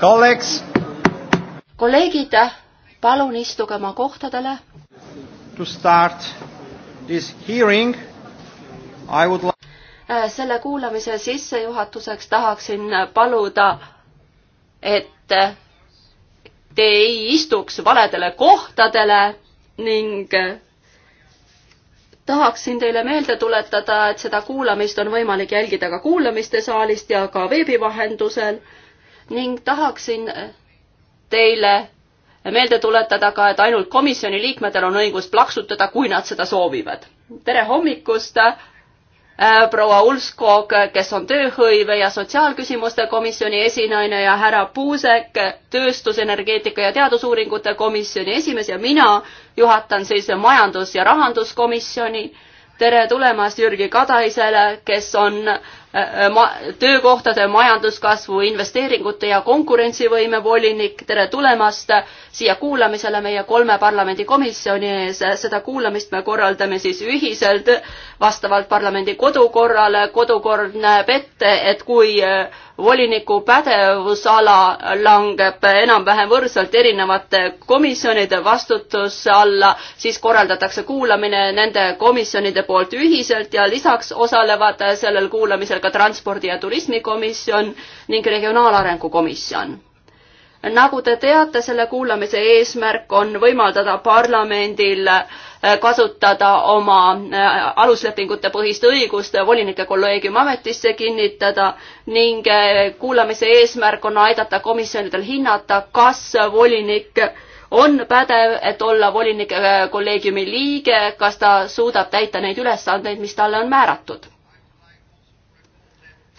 Kollegs. kolleegid, palun istuge oma kohtadele. To start this hearing I would like äh, selle kuulamise sissejuhatuseks tahaksin paluda, et te ei istuks valedele kohtadele ning tahaksin teile meelde tuletada, et seda kuulamist on võimalik jälgida ka kuulamiste saalist ja ka veebi vahendusel ning tahaksin teile meelde tuletada ka, et ainult komisjoni liikmetel on õigus plaksutada, kui nad seda soovivad. tere hommikust äh,, proua Ulskog, kes on tööhõive ja sotsiaalküsimuste komisjoni esinaine ja härra Puusek, tööstusenergeetika ja teadusuuringute komisjoni esimees ja mina juhatan siis majandus- ja rahanduskomisjoni. tere tulemast Jürgi Kadaisele, kes on äh, Äh, äh, ma-, töökohtade, majanduskasvu, investeeringute ja konkurentsivõime volinik, tere tulemast siia kuulamisele meie kolme parlamendikomisjoni ees. seda kuulamist me korraldame siis ühiselt vastavalt parlamendi kodukorrale. kodukord näeb ette, et kui äh, voliniku pädevusala langeb enam-vähem võrdselt erinevate komisjonide vastutuse alla, siis korraldatakse kuulamine nende komisjonide poolt ühiselt ja lisaks osalevad sellel kuulamisel ka Transpordi- ja Turismikomisjon ning Regionaalarengu Komisjon nagu te teate, selle kuulamise eesmärk on võimaldada parlamendil äh, kasutada oma äh, aluslepingute põhist õigust volinike kolleegiumi ametisse kinnitada ning äh, kuulamise eesmärk on aidata komisjonidel hinnata, kas volinik on pädev, et olla volinike kolleegiumi liige, kas ta suudab täita neid ülesandeid, mis talle on määratud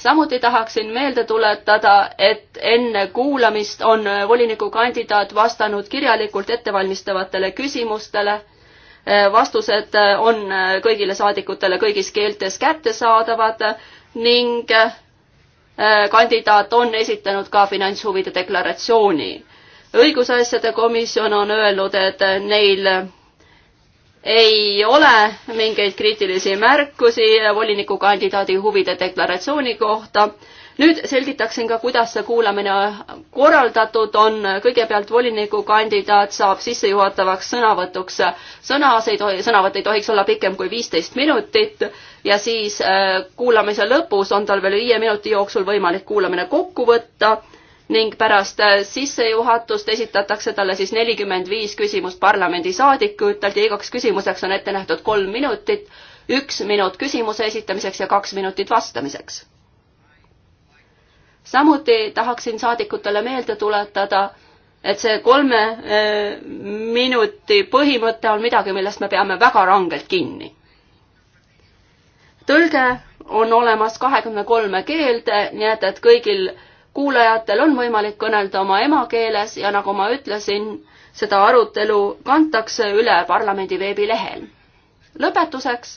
samuti tahaksin meelde tuletada, et enne kuulamist on volinikukandidaat vastanud kirjalikult ettevalmistavatele küsimustele. vastused on kõigile saadikutele kõigis keeltes kättesaadavad ning kandidaat on esitanud ka finantshuvide deklaratsiooni. õigusasjade komisjon on öelnud, et neil ei ole mingeid kriitilisi märkusi volinikukandidaadi huvide deklaratsiooni kohta. nüüd selgitaksin ka, kuidas see kuulamine korraldatud on. kõigepealt volinikukandidaat saab sissejuhatavaks sõnavõtuks sõna, see ei tohi, sõnavõtt ei tohiks olla pikem kui viisteist minutit ja siis äh, kuulamise lõpus on tal veel viie minuti jooksul võimalik kuulamine kokku võtta ning pärast äh, sissejuhatust esitatakse talle siis nelikümmend viis küsimust parlamendisaadikutelt ja igaks küsimuseks on ette nähtud kolm minutit, üks minut küsimuse esitamiseks ja kaks minutit vastamiseks. samuti tahaksin saadikutele meelde tuletada, et see kolme äh, minuti põhimõte on midagi, millest me peame väga rangelt kinni. tõlge on olemas kahekümne kolme keelde, nii et, et kõigil kuulajatel on võimalik kõnelda oma emakeeles ja nagu ma ütlesin, seda arutelu kantakse üle parlamendi veebilehel. lõpetuseks.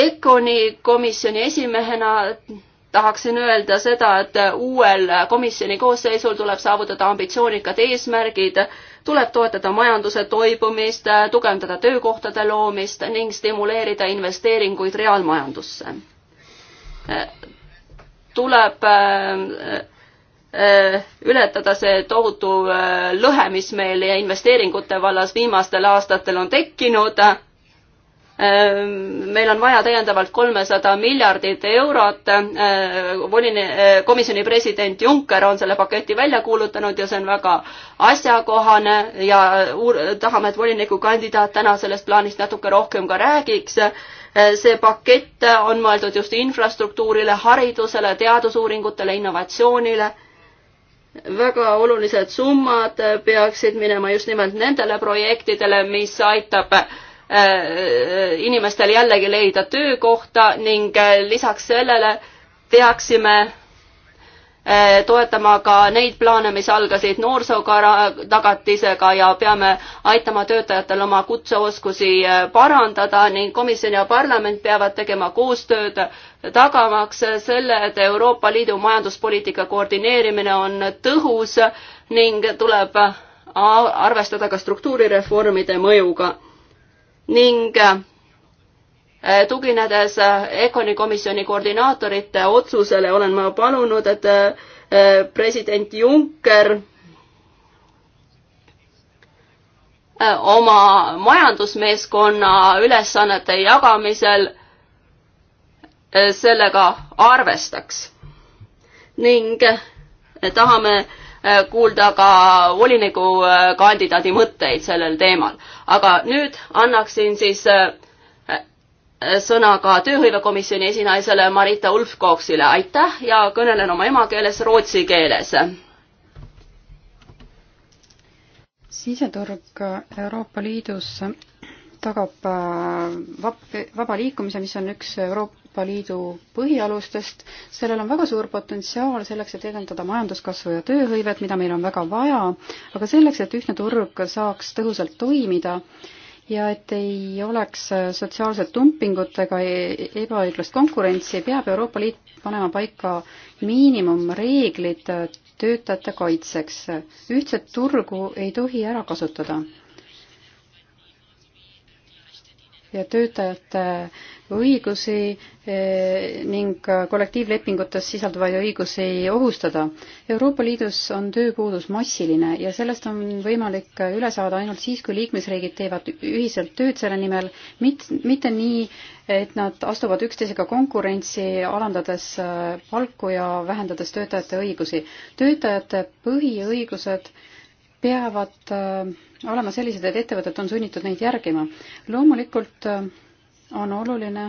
EKONi komisjoni esimehena tahaksin öelda seda, et uuel komisjoni koosseisul tuleb saavutada ambitsioonikad eesmärgid, tuleb toetada majanduse toibumist, tugevdada töökohtade loomist ning stimuleerida investeeringuid reaalmajandusse tuleb äh, äh, ületada see tohutu äh, lõhe, mis meil investeeringute vallas viimastel aastatel on tekkinud Ehm, meil on vaja täiendavalt kolmesada miljardit eurot. Ehm, volini-, ehm, komisjoni president Juncker on selle paketi välja kuulutanud ja see on väga asjakohane ja äh, uur-, tahame, et volinikukandidaat täna sellest plaanist natuke rohkem ka räägiks. see pakett on mõeldud just infrastruktuurile, haridusele, teadusuuringutele, innovatsioonile väga olulised summad peaksid minema just nimelt nendele projektidele, mis aitab äh, Äh, äh, inimestel jällegi leida töökohta ning äh, lisaks sellele peaksime toetama ka neid plaane, mis algasid noorsootagatisega ja peame aitama töötajatel oma kutseoskusi parandada ning komisjon ja parlament peavad tegema koostööd, tagamaks selle, et Euroopa Liidu majanduspoliitika koordineerimine on tõhus ning tuleb arvestada ka struktuurireformide mõjuga ning äh, tuginedes äh, ECONi komisjoni koordinaatorite otsusele olen ma palunud, et äh, president Juncker oma majandusmeeskonna ülesannete jagamisel sellega arvestaks. ning tahame Äh, kuulda ka volinikukandidaadi äh, mõtteid sellel teemal. aga nüüd annaksin siis äh, sõna ka tööhõivekomisjoni esinaisele Marita Ulfkooksile, aitäh ja kõnelen oma emakeeles rootsi keeles. siseturg Euroopa Liidus tagab vab-, vaba liikumise, mis on üks Euroopa Euroopa Liidu põhialustest. sellel on väga suur potentsiaal selleks, et edendada majanduskasvu ja tööhõivet, mida meil on väga vaja, aga selleks, et ühtne turg saaks tõhusalt toimida, ja et ei oleks sotsiaalset dumpingut ega ebaõiglast konkurentsi, peab Euroopa Liit panema paika miinimumreeglid töötajate kaitseks. ühtset turgu ei tohi ära kasutada ja töötajate õigusi eh, ning kollektiivlepingutes sisalduvaid õigusi ohustada. Euroopa Liidus on tööpuudus massiline ja sellest on võimalik üle saada ainult siis, kui liikmesriigid teevad ühiselt tööd selle nimel, mitte nii, et nad astuvad üksteisega konkurentsi, alandades eh, palku ja vähendades töötajate õigusi. töötajate põhiõigused peavad äh, olema sellised, et ettevõtted on sunnitud neid järgima. loomulikult äh, on oluline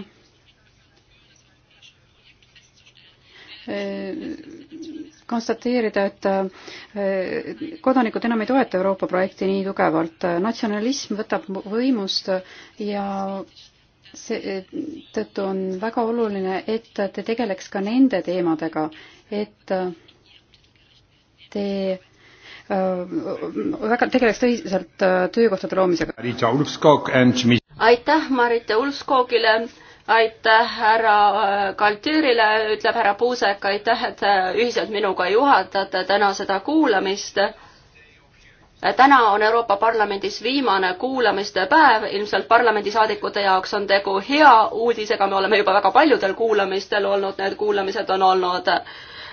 äh, konstateerida, et äh, kodanikud enam ei toeta Euroopa projekti nii tugevalt. natsionalism võtab võimust ja seetõttu on väga oluline, et te tegeleks ka nende teemadega, et te Äh, väga tegeleks tõsiselt äh, töökohtade loomisega. aitäh Marita Ulfskogile, aitäh härra Kaltüürile, äh, ütleb härra Puusek, aitäh, et ühiselt minuga juhatate täna seda kuulamist täna on Euroopa Parlamendis viimane kuulamiste päev, ilmselt parlamendisaadikute jaoks on tegu hea uudisega, me oleme juba väga paljudel kuulamistel olnud, need kuulamised on olnud äh,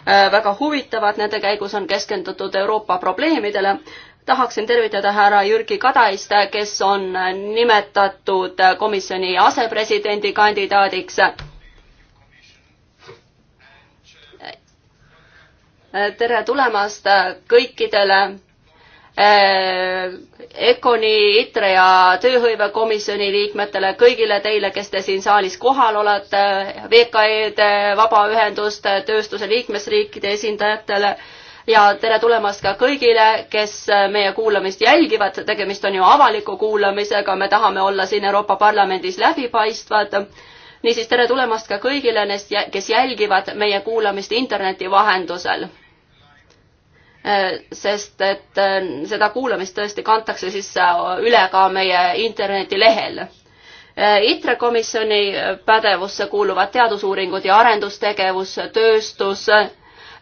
Äh, väga huvitavad, nende käigus on keskendutud Euroopa probleemidele. tahaksin tervitada härra Jürgi Kadaist, kes on nimetatud komisjoni asepresidendi kandidaadiks. Äh, tere tulemast kõikidele Äh, EKONi, ITRE ja Tööhõivekomisjoni liikmetele, kõigile teile, kes te siin saalis kohal olete, VKE-de, vabaühenduste, tööstuse liikmesriikide esindajatele ja tere tulemast ka kõigile, kes meie kuulamist jälgivad, tegemist on ju avaliku kuulamisega, me tahame olla siin Euroopa Parlamendis läbipaistvad. niisiis tere tulemast ka kõigile neist, kes jälgivad meie kuulamist interneti vahendusel Äh, sest et äh, seda kuulamist tõesti kantakse siis äh, üle ka meie internetilehel. ITRE komisjoni pädevusse kuuluvad teadusuuringud ja arendustegevus, tööstus,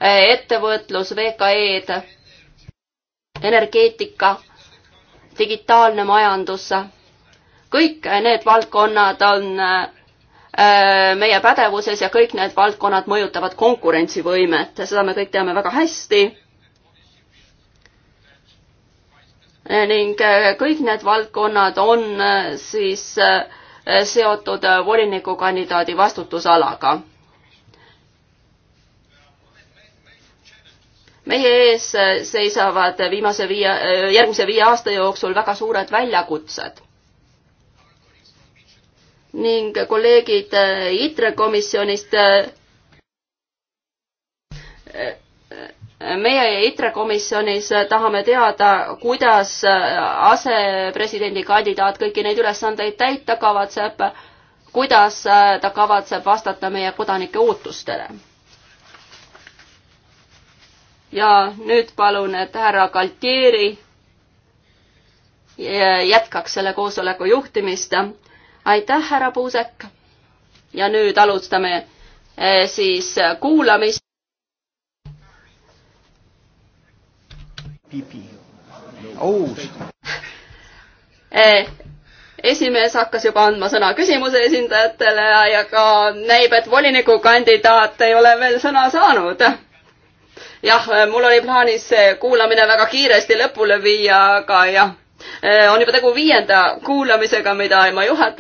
ettevõtlus, VKE-d, energeetika, digitaalne majandus. kõik need valdkonnad on meie pädevuses ja kõik need valdkonnad mõjutavad konkurentsivõimet, seda me kõik teame väga hästi ning äh, kõik need valdkonnad on äh, siis äh, seotud volinikukandidaadi vastutusalaga. meie ees seisavad viimase viie, järgmise viie aasta jooksul väga suured väljakutsed ning kolleegid ITRE komisjonist meie ITRE komisjonis tahame teada, kuidas asepresidendi kandidaat kõiki neid ülesandeid täita kavatseb, kuidas ta kavatseb vastata meie kodanike ootustele. ja nüüd palun, et härra Galtieri jätkaks selle koosoleku juhtimist. aitäh, härra Puusek. ja nüüd alustame eh, siis kuulamist. PP. aus. Oh. Eh, esimees hakkas juba andma sõna küsimuse esindajatele ja, ja ka näib, et volinikukandidaat ei ole veel sõna saanud. jah, mul oli plaanis kuulamine väga kiiresti lõpule viia, aga jah, eh, on juba tegu viienda kuulamisega, mida ma juhatan.